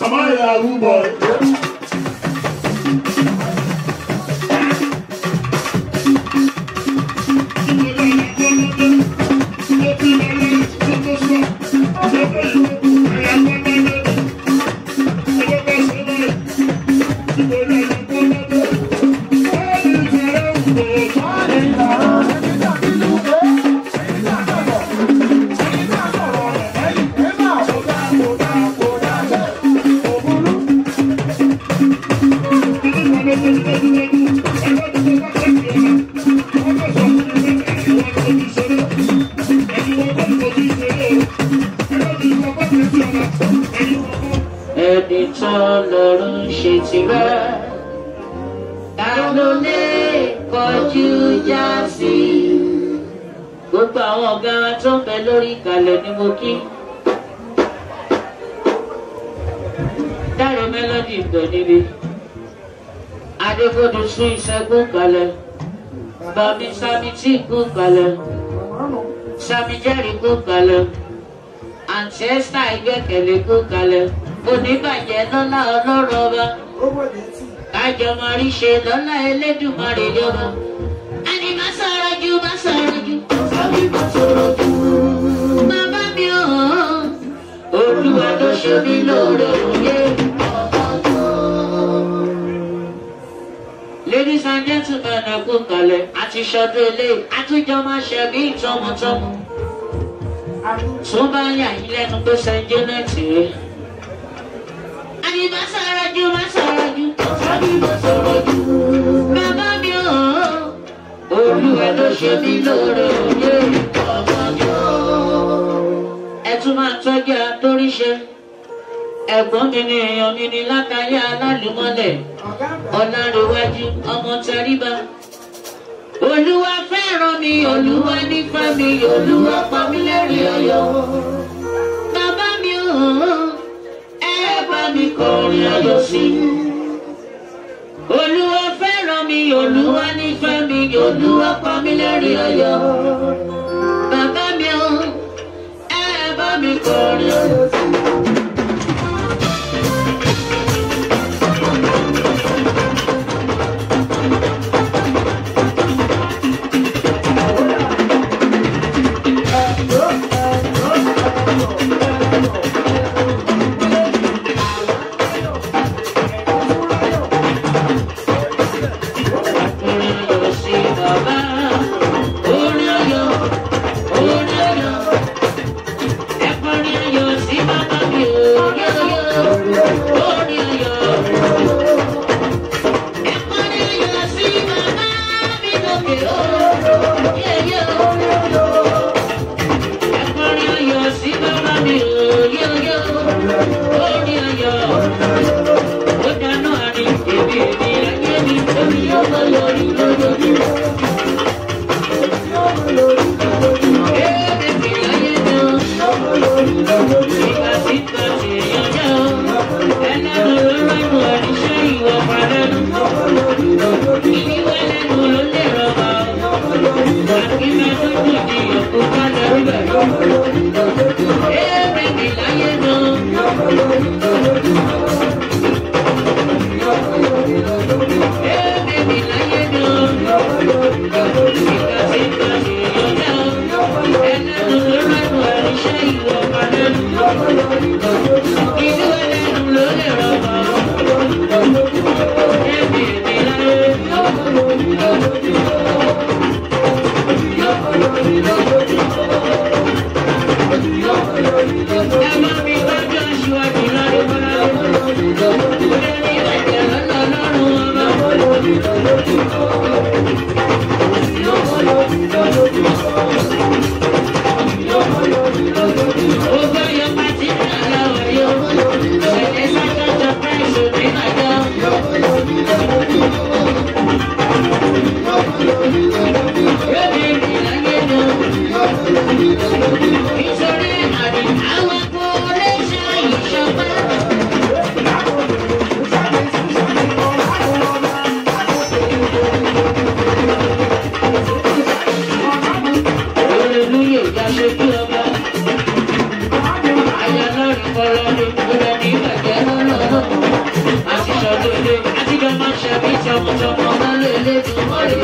Somebody, that rude boy. Gogala, Samijari Gogala, Ancestor Ìgbẹ́kẹ̀lé Gogala, Oníbàjẹ́ lọ́lá Ọlọ́run Ọba, Kájọ máa rí ṣe lọ́lá Elédùmarè lọ́ba. Àní má sọ̀rọ̀ jù, má sọ̀rọ̀ jù. Sọ́bí má sọ̀rọ̀ jù. Bàbá mi ò hàn, Olúwa ló ṣe mí lóore òye. tún bẹ̀rẹ̀ kú kalẹ̀ àti ṣọdún ilé àtúnjọ máa ṣe bí tọmọtọmọ. tó bá yà yín lẹ́nu pé sẹ́ńjé náà tì í. àní má sọ̀rọ̀ jù má sọ̀rọ̀ jù. sábì má sọ̀rọ̀ jù. bàbá mi ò olúwa ló ṣe mí lóore òye bàbá mi ẹ tún máa tọ́jú àtóríṣe ẹ̀gbọ́n mi èèyàn mi ni látàrí alálùmọ́lẹ̀ ọ̀làrẹ̀wájú ọmọ tẹríba. olúwa fẹ́ràn mi olúwa nífà mi olúwa pa mí lẹ́rìí ọ̀yọ́. bàbá mi ò ẹ bá mi kọrin ọ̀yọ́ sí olúwa fẹ́ràn mi olúwa nífà mi olúwa pa mí lẹ́rìí ọ̀yọ́. bàbá mi ẹ bá mi kọrin ọ̀yọ́ sí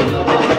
Thank you.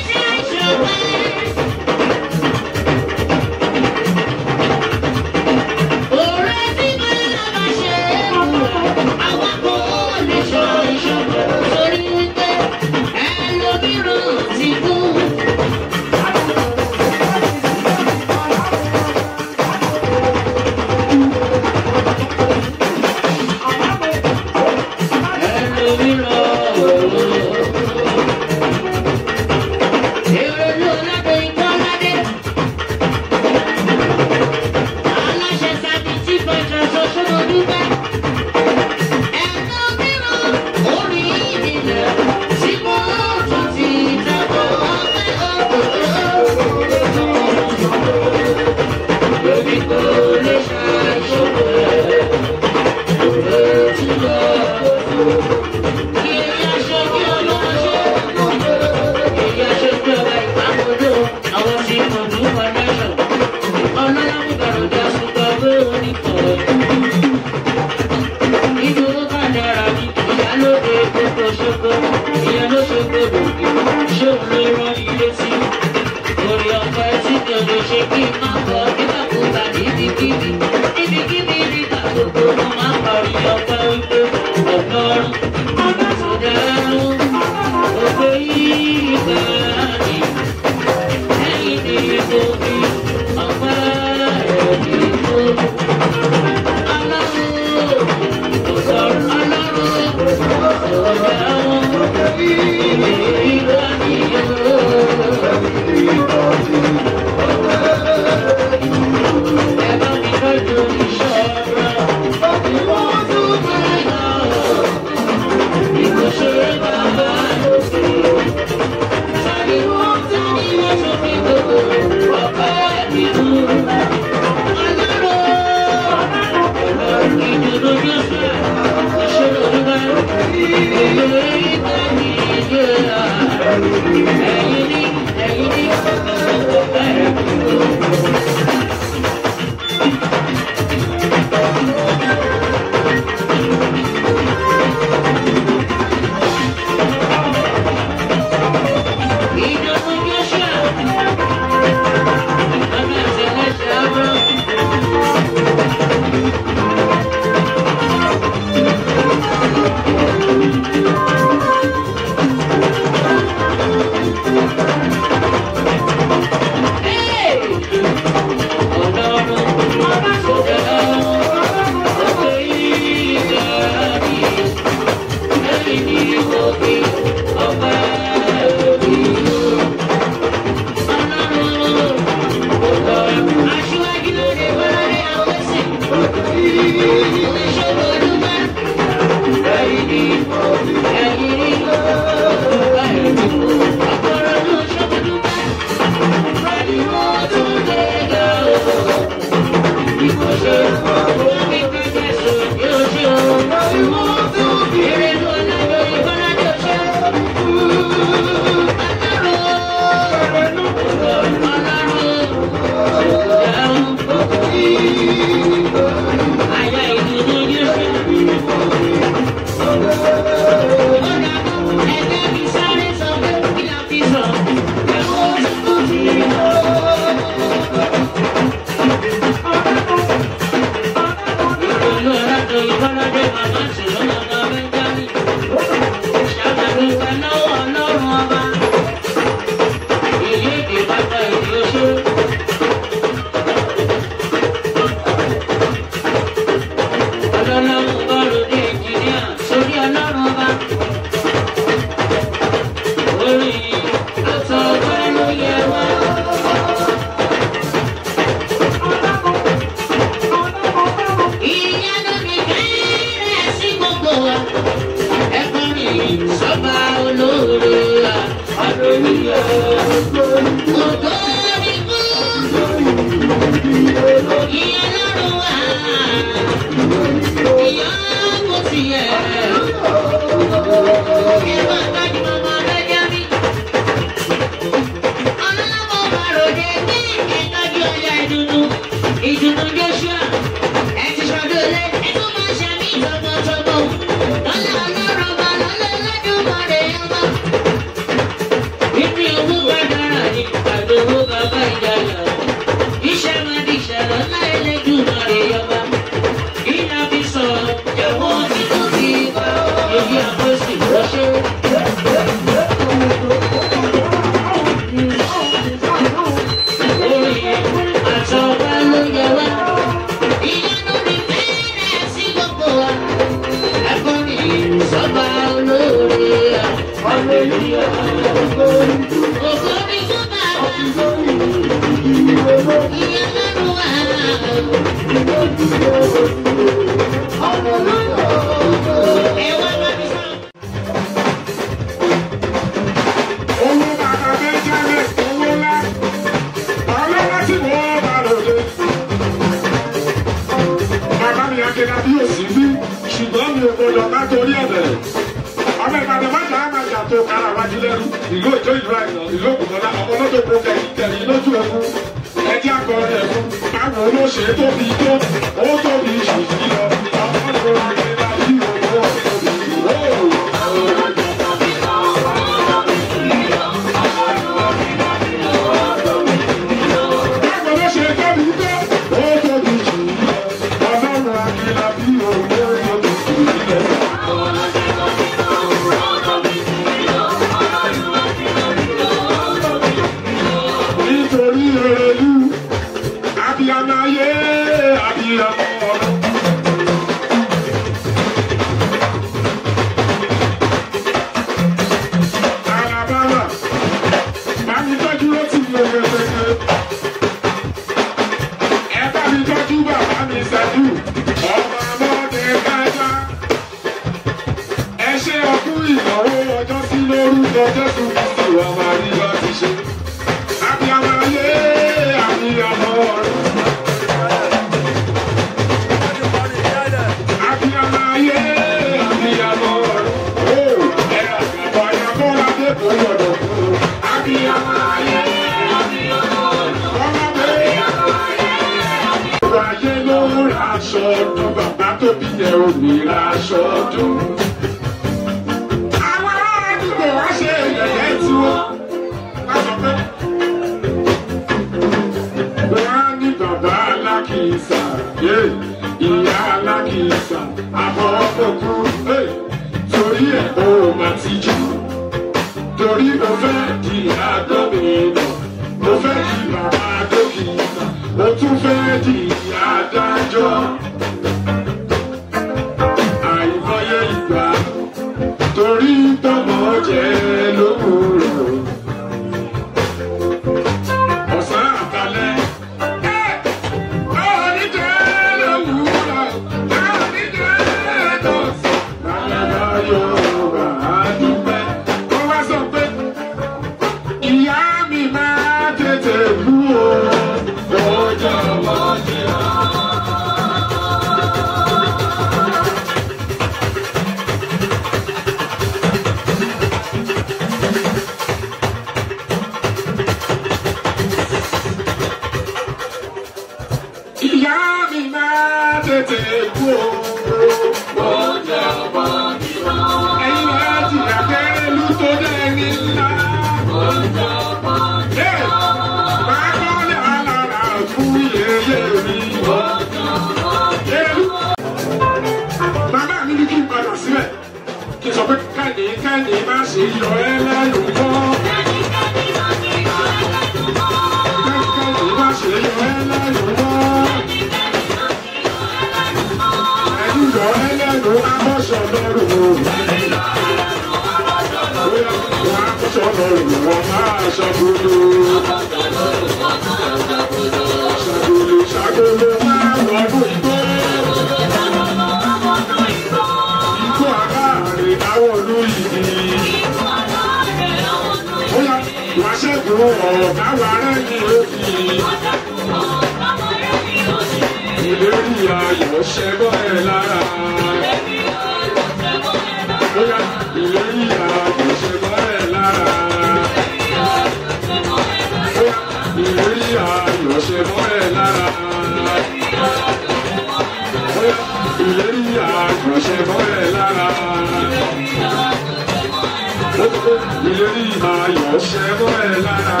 lórí ayọ̀ ṣẹ́gun ẹ̀ lára.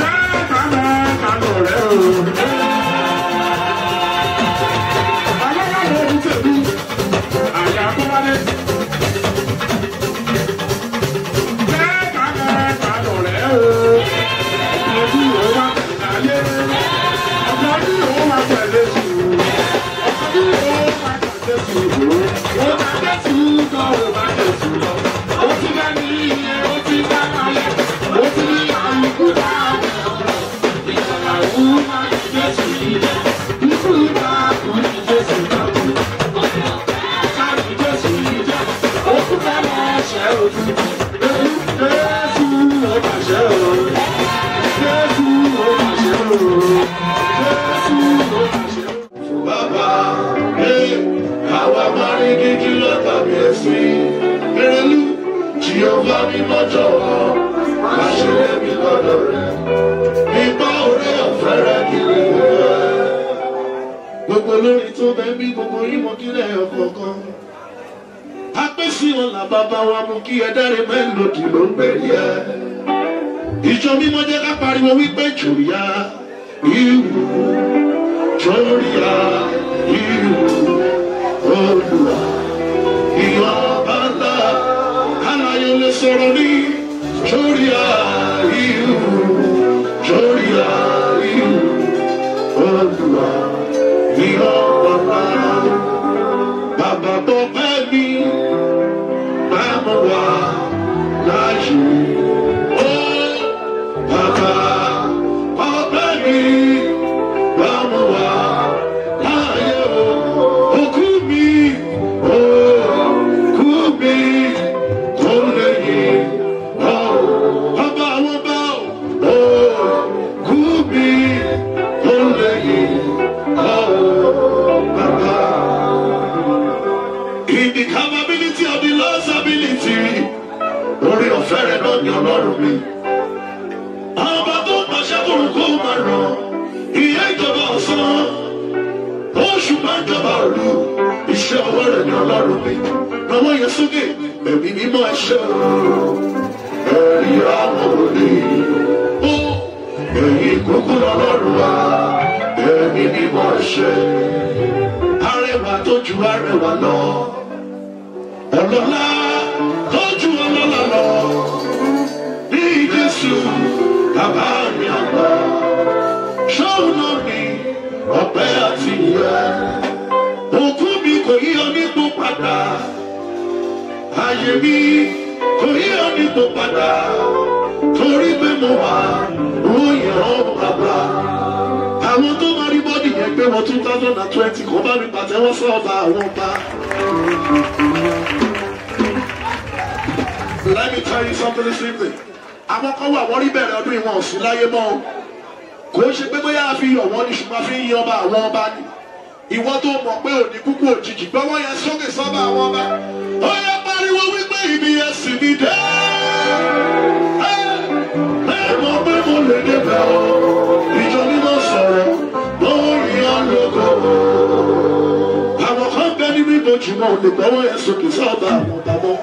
mẹ́ta mẹ́ta lọ rẹ̀ o. mi lọ́jọ́ má ṣe mi lọ́dọ̀ rẹ̀ nígbà orí ọ̀fẹ́ rẹ̀ kí lè rẹ̀. Gbogbo lórí tó bẹ wa mú kí ẹ dáre mẹ́lòdì ló ń gbẹ̀rí ẹ. Ìjọ mímọ́ jẹ́ ká pariwo wípé jòyà ìwù jòyà ìwù. sous joli ń ṣe pé bóyá a fi yọ̀ wọ́n ni ṣùgbọ́n a fi ń yan ọba àwọn ọba ni ìwọ tó mọ̀ pé òní kúkú òjijì gbọ́wọ́ yẹn sókè sọ́ba àwọn ọba ó yẹ pariwo wípé ibi ẹ̀sìn mi dé ẹ mọ̀ pé mo lè débẹ̀ o ìjọ mímọ́ sọ̀rọ̀ lọ́wọ́ rí ọlọ́gọ́ o àwọn kan bẹ ní mímọ jùmọ̀ òní gbọ́wọ́ yẹn sókè sọ́ba àwọn ọba mọ́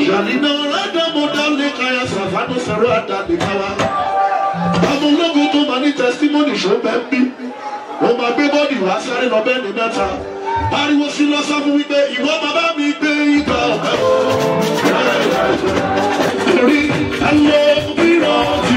ìyàlínà ọ̀rẹ́dẹ́mọ̀dá lè káyà sàfánù sọ̀rọ̀ àdàlẹ̀ káwá àwọn ológun tó máa ní testimony ṣó bẹ́ẹ̀ bí wọ́n máa gbé bọ́ọ̀dì wá sáré lọ bẹ́ẹ̀ ní mẹ́ta pariwo sí lọ́sàn fún wípé ìwọ bàbá mi gbé ìgbà ọ̀pẹ́ o. rí ẹlòmíràn ti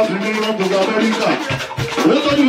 láti ní lọ́gbọ̀dọ̀ Amẹ́ríkà ó tọ́jú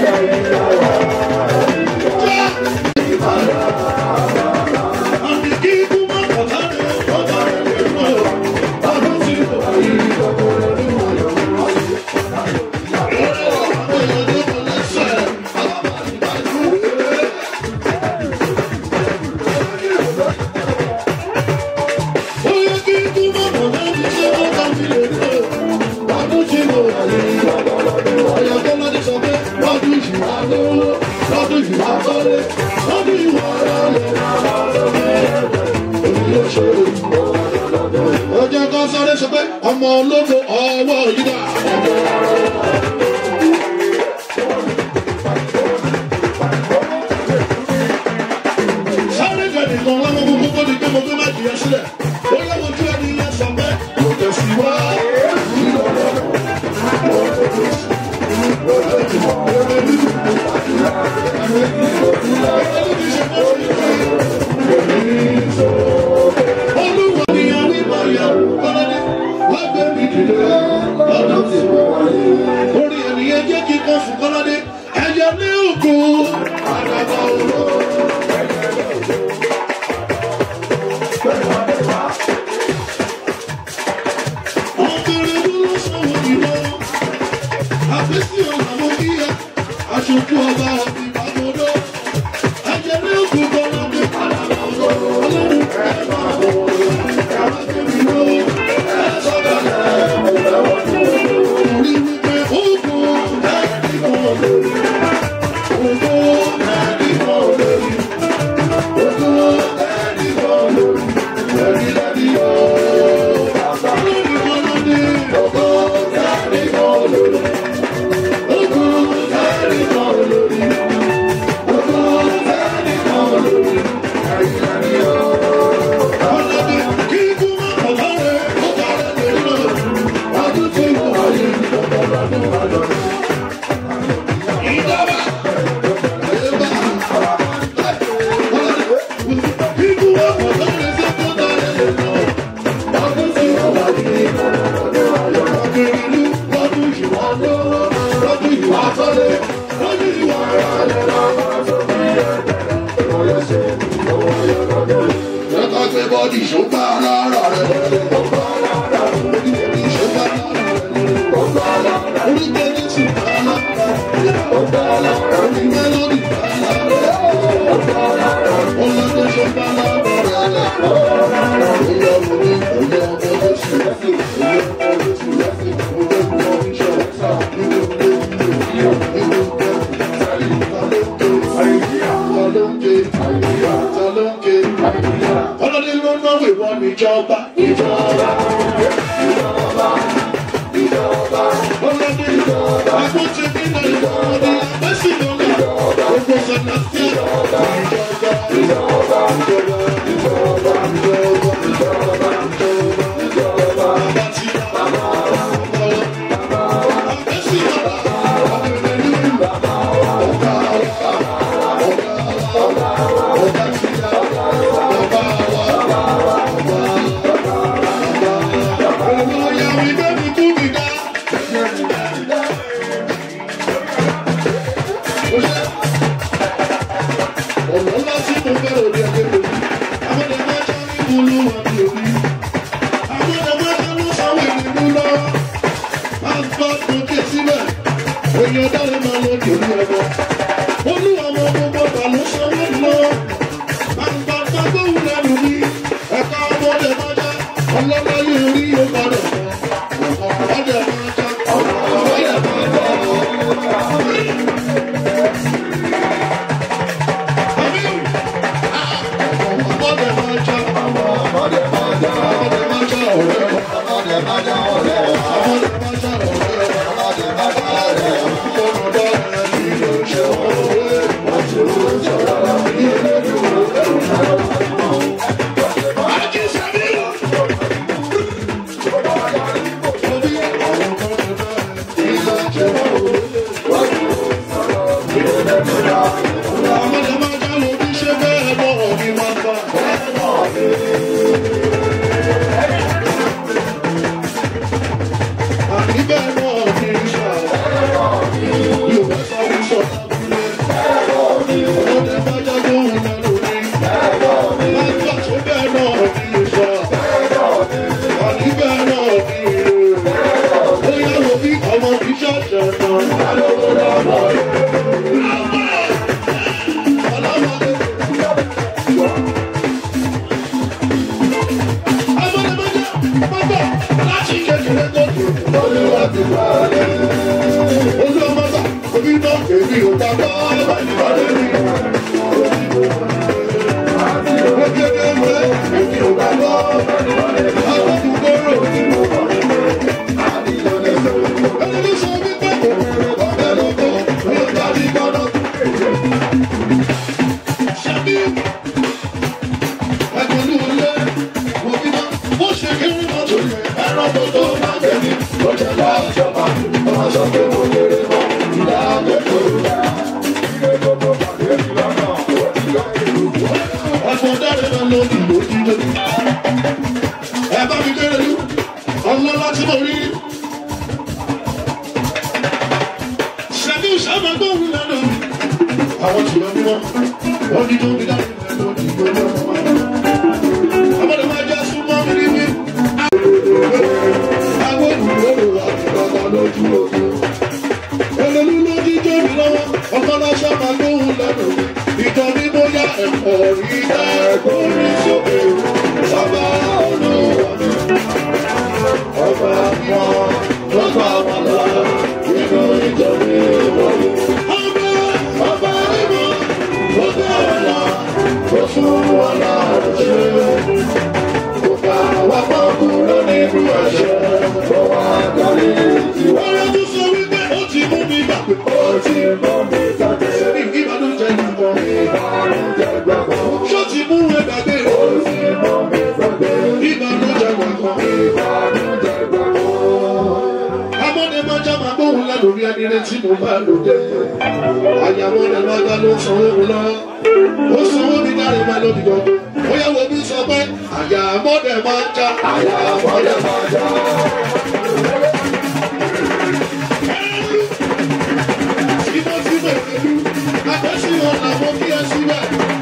Thank you. to you day. lórí adìrẹ tí mo bá lò dé. àyàwó rẹ̀ lọ́jà ló sanwó mi lọ. ó sanwó mi dáre máa lọ dìbò. ó yẹ wo mi sọ pé àyà mọ́dẹ̀ máa ń já. àyà mọ́dẹ̀ máa ń já. Símọ́símọ́ ìlú, àbẹ́sí wọn làwọn kí ẹ síbẹ̀.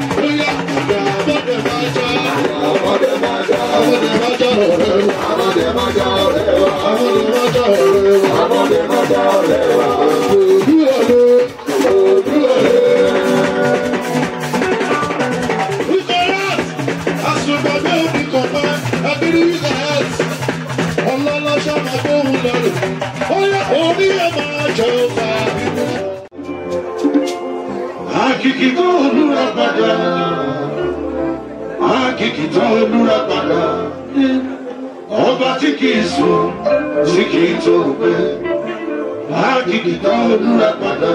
Akiki tó olúra padà kìkì tó lúra padà ọba tí kì í sùn tí kì í tó gbẹ kìkì tó lúra padà.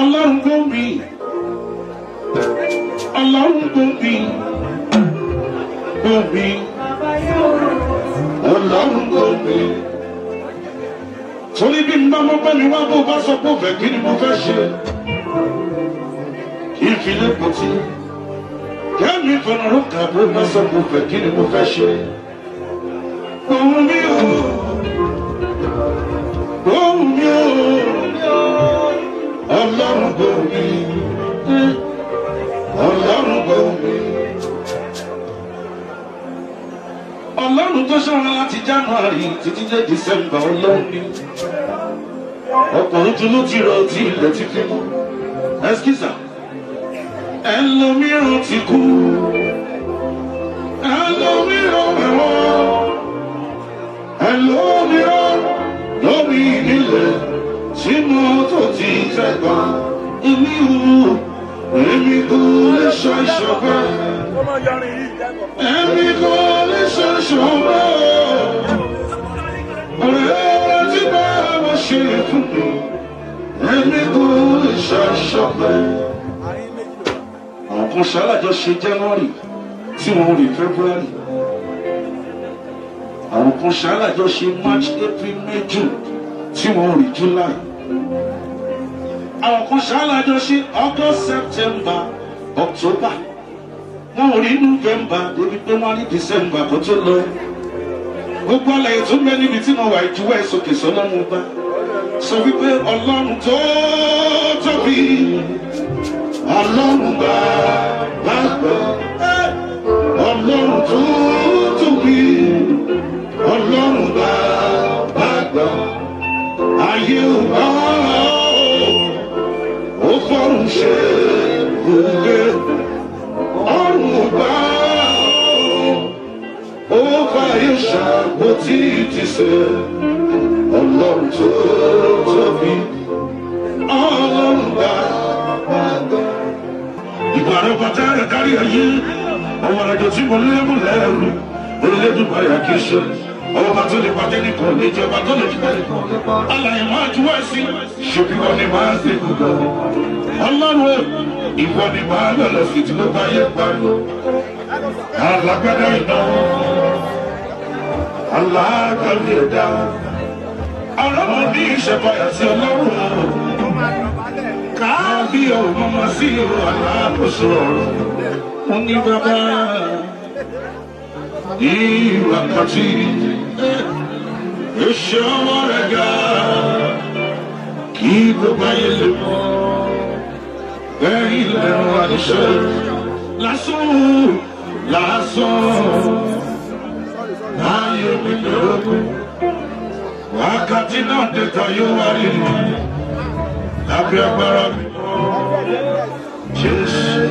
ọlọ́run kò rí ọlọ́run kò rí kò rí ọlọ́run kò rí torí bí nbá mo wá bó bá sọ pé ó kí ni mo fẹ́ ṣe kí n fi Kẹ́mi fọ̀nà ló kà bó má sọ kó fẹ́ kí ni mo fẹ́ ṣe. Òun mi ò. Òun mi ò. Ọlọ́run gbọ́ mi. Ọlọ́run gbọ́ mi. Ọlọ́run tó ṣọ́ra láti January títí dé December ọlọ́run ni. Ọkùnrin tún ló ti rọ tí ilẹ̀ ti fi mọ́. Ẹ́skísà ẹlòmíràn ti kú ẹlòmíràn ẹ̀wọ̀n ẹlòmíràn lórí ìdílé tí mo tó ti tẹ̀gbà èmi wù èmi kò lè ṣe ìṣọ̀kan èmi kò lè ṣe ìṣọ̀kan ọ̀rẹ́ tí bá wọ́n ṣe fún mi èmi kò lè ṣe ìṣọ̀kan àwọn kan ṣàlàjọ ṣe january tí wọ́n rí february àwọn kan ṣàlàjọ ṣe march april may june tí wọ́n rí july àwọn kan ṣàlàjọ ṣe august september october wọn ò rí november débi pé wọ́n rí december kó tó lọ gbogbo àlàyé tó ń bẹ níbi tí mo wà ìjúwẹ́ sókè sọ́nà mo bá sọ wípé ọlọ́run tó tóbi ọlọ́run gbà wá gbọ́ ọlọ́run tuntun wí ọlọ́run gbà wá gbọ́ ayé ò bá ó tó tóbi ọlọ́run gbà ààrẹ ọba tẹ́lẹ̀ kárí ayé ọmọ àjọ tí mo lẹ́mú lẹ́rù olódùmọ̀ ayà kì í ṣe ọba tó lè pàdé nìkan lè jẹ ọba tó lè jẹ nìkan alàyè máa ju wá sí ṣòbí wọn ni máa ṣe gbogbo ọlọ́run o ìwọ ni máa lọ́lọ́ sí tí ló bá yẹ pariwo alágbádá iná alágbádá ẹ̀dá ọlọ́run ní ìṣẹ̀fàyà sí ọlọ́run o káàbí ọmọ ọmọ sí alákòóso ọ̀rọ̀ mo ní bàbá ìwàkàtí èsì ọmọ rẹ̀ ga kí gbogbo ayé lè mọ̀ ẹ̀yìn lẹ́rọ àdìsẹ́ lásán lásán láyé mi lọ́gbọ̀n wákàtí náà dẹ̀ta yóò wá rí mi. Abẹ agbára mi. Jésù.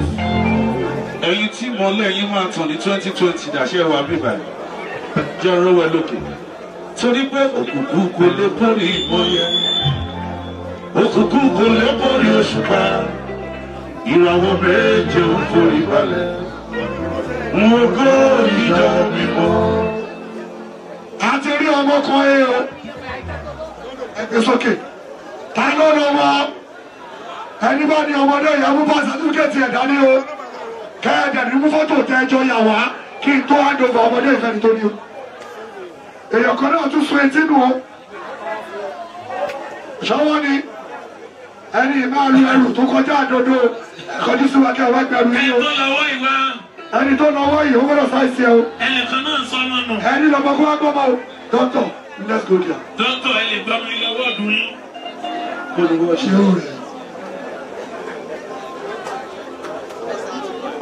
Ẹ̀yin tí mọ́lẹ̀ yín máa tàn ní twenty twenty dàṣẹ́ wa bíbá yìí. Jẹ́ ọ̀rọ̀ lókè. Torí pé òkùnkùn kò lè borí ìmọ̀ yẹn. Òkùnkùn kò lè borí òṣùpá. Ìràwọ̀ méje ń forí balẹ̀. Mo gbọ́ ìjà mímọ́. A ti rí ọmọ kan ẹ o. Ẹ gbé sókè. Okay ta ló lọ wá ẹni bá ní ọmọdé yẹn mú bá sàtúkẹ́tì ẹ̀ dání o kẹ́ẹ̀dẹ̀ ní fọ́tò tẹ yà wá kí n tó àdóbọ̀ ọmọdé ìfẹ́ ni o èèyàn kan náà tún sun etí nù o ṣọwọ́ ni ẹni máa lu ẹrù tó kọjá àdodo ẹ̀kọ́jú sí wa kí gbẹrù yìí o ẹni tó lọ́wọ́ yìí ó gbọ́dọ̀ sáìsì ẹ o ẹnìkan náà sọ ọmọ nù o dókítà let's go there. dókítà ẹ lè gbọ́ mi olùwọ ṣéwù rẹ̀.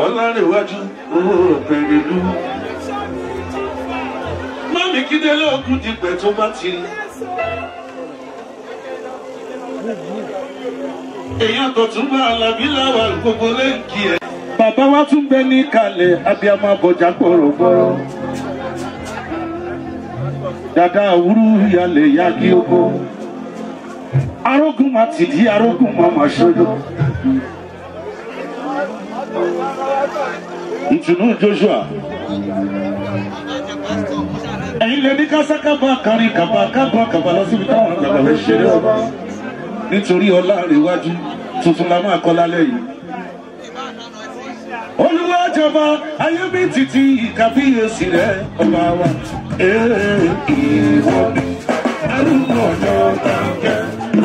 ọlárẹ̀wájú òbèrè lú. mọ́mí kíndé lóògùn dìgbẹ́ tó bá ti rí. èèyàn tó tún bá alábí láwà gbogbo lẹ́ǹkì ẹ̀. bàbá wa tún bẹ ní kalẹ̀ abiyamọ bọ̀jà gbọ̀rọ̀gbọ̀rọ̀. dàda àwúrú ìyàlẹ̀ yá kí ó kó. arógúnmá ti di arógúnmá màṣọyọ. ìtùnú Joshua ẹ̀yin lè ní kásákábà kárin kàbà kábà kàbà lọ síbi táwọn àgbàgbà lè ṣeré ọba nítorí ọlá àríwájú tuntun la máa kọ́ lálẹ́ yìí. olúwa jọba ayé mi títí ìkàbíyèsí rẹ ọba wa. ìwọ ni arúgbó ọjọ́ ta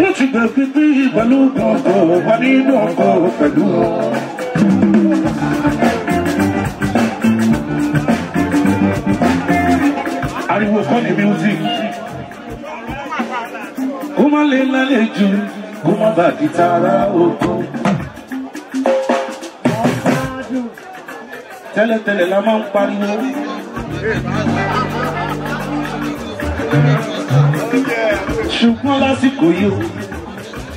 wọ́n ti gbà pípé pẹ̀lú kọ̀ọ̀kọ̀ wà nínú ọkọ̀ pẹ̀lú. ariwo kọ́ ni music kó má lè lálejò kó má bà di tara oko. tẹ́lẹ̀tẹ́lẹ̀ la máa ń pariwo. ṣùgbọ́n lásìkò yìí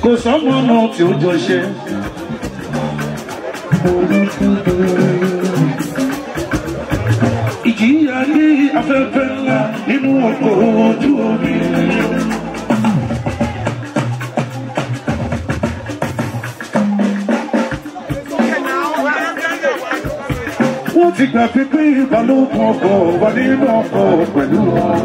kò sọ́gbọ́n náà tí ó jọ ṣe. ìjìyà ní afẹ́fẹ́ ńlá nínú ọkọ̀ ojú omi. wọ́n ti gbà pé ìbálòpọ̀ ọkọ̀ wà nínú ọkọ̀ pẹ̀lú wọn.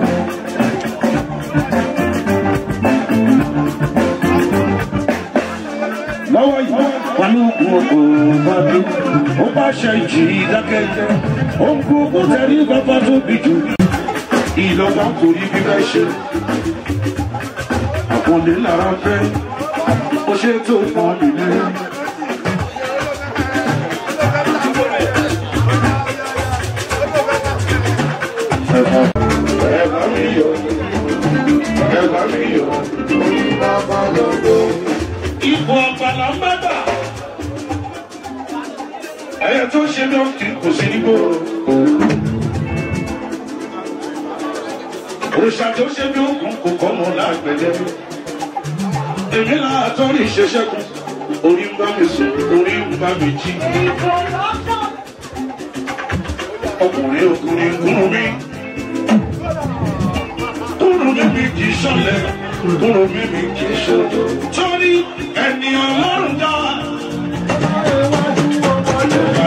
olúkúkú bàbí ó bá ṣe jì í dákẹ́jẹ́ ó ń kú kó tẹ̀lé bàbá tó bì jù ìlọ́gbà kò rí bí bẹ́ẹ̀ ṣe àpọ̀lé fẹ́ ó ṣe tó pọ̀ nílé. ẹ̀yẹ tó ṣe ló ti kò sí nígbò. òòṣà tó ṣe bí òkun kò kọ́ mọ́ lágbẹ̀dẹ. èmi náà tọ́rí ìṣẹ́ṣẹ́kùn orí ń bá mi sùn orí ń mi jí. ọkùnrin ọkùnrin kúrú mi kúrú mi kì í sọlẹ̀ kúrú mi kì í sọdọ̀. torí ẹni ọlọ́run.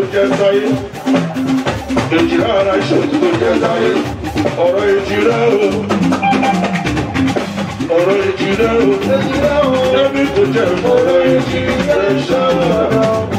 tó jẹ́ sáyé èjì ara ìṣòtú tó jẹ́ sáyé ọ̀rọ̀ èjì rẹ̀ o ọ̀rọ̀ èjì rẹ̀ o débi tó jẹ́ ọ̀rọ̀ èjì rẹ̀ ṣáà.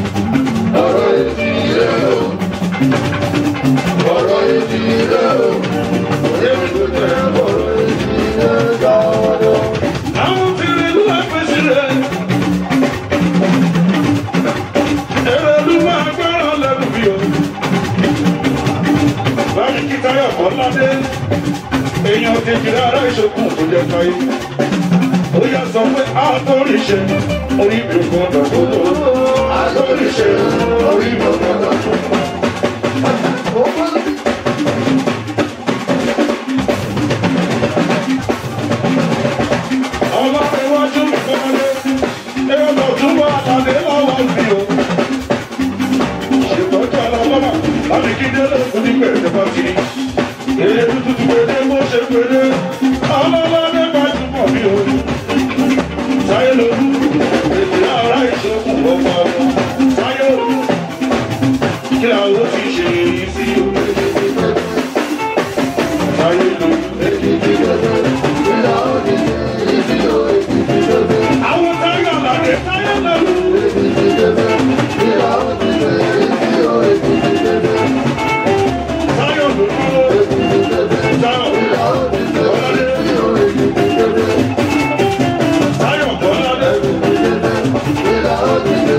yan kejìlá ara ìṣòkun kò jẹ káyé. ó yà sọ pé oh.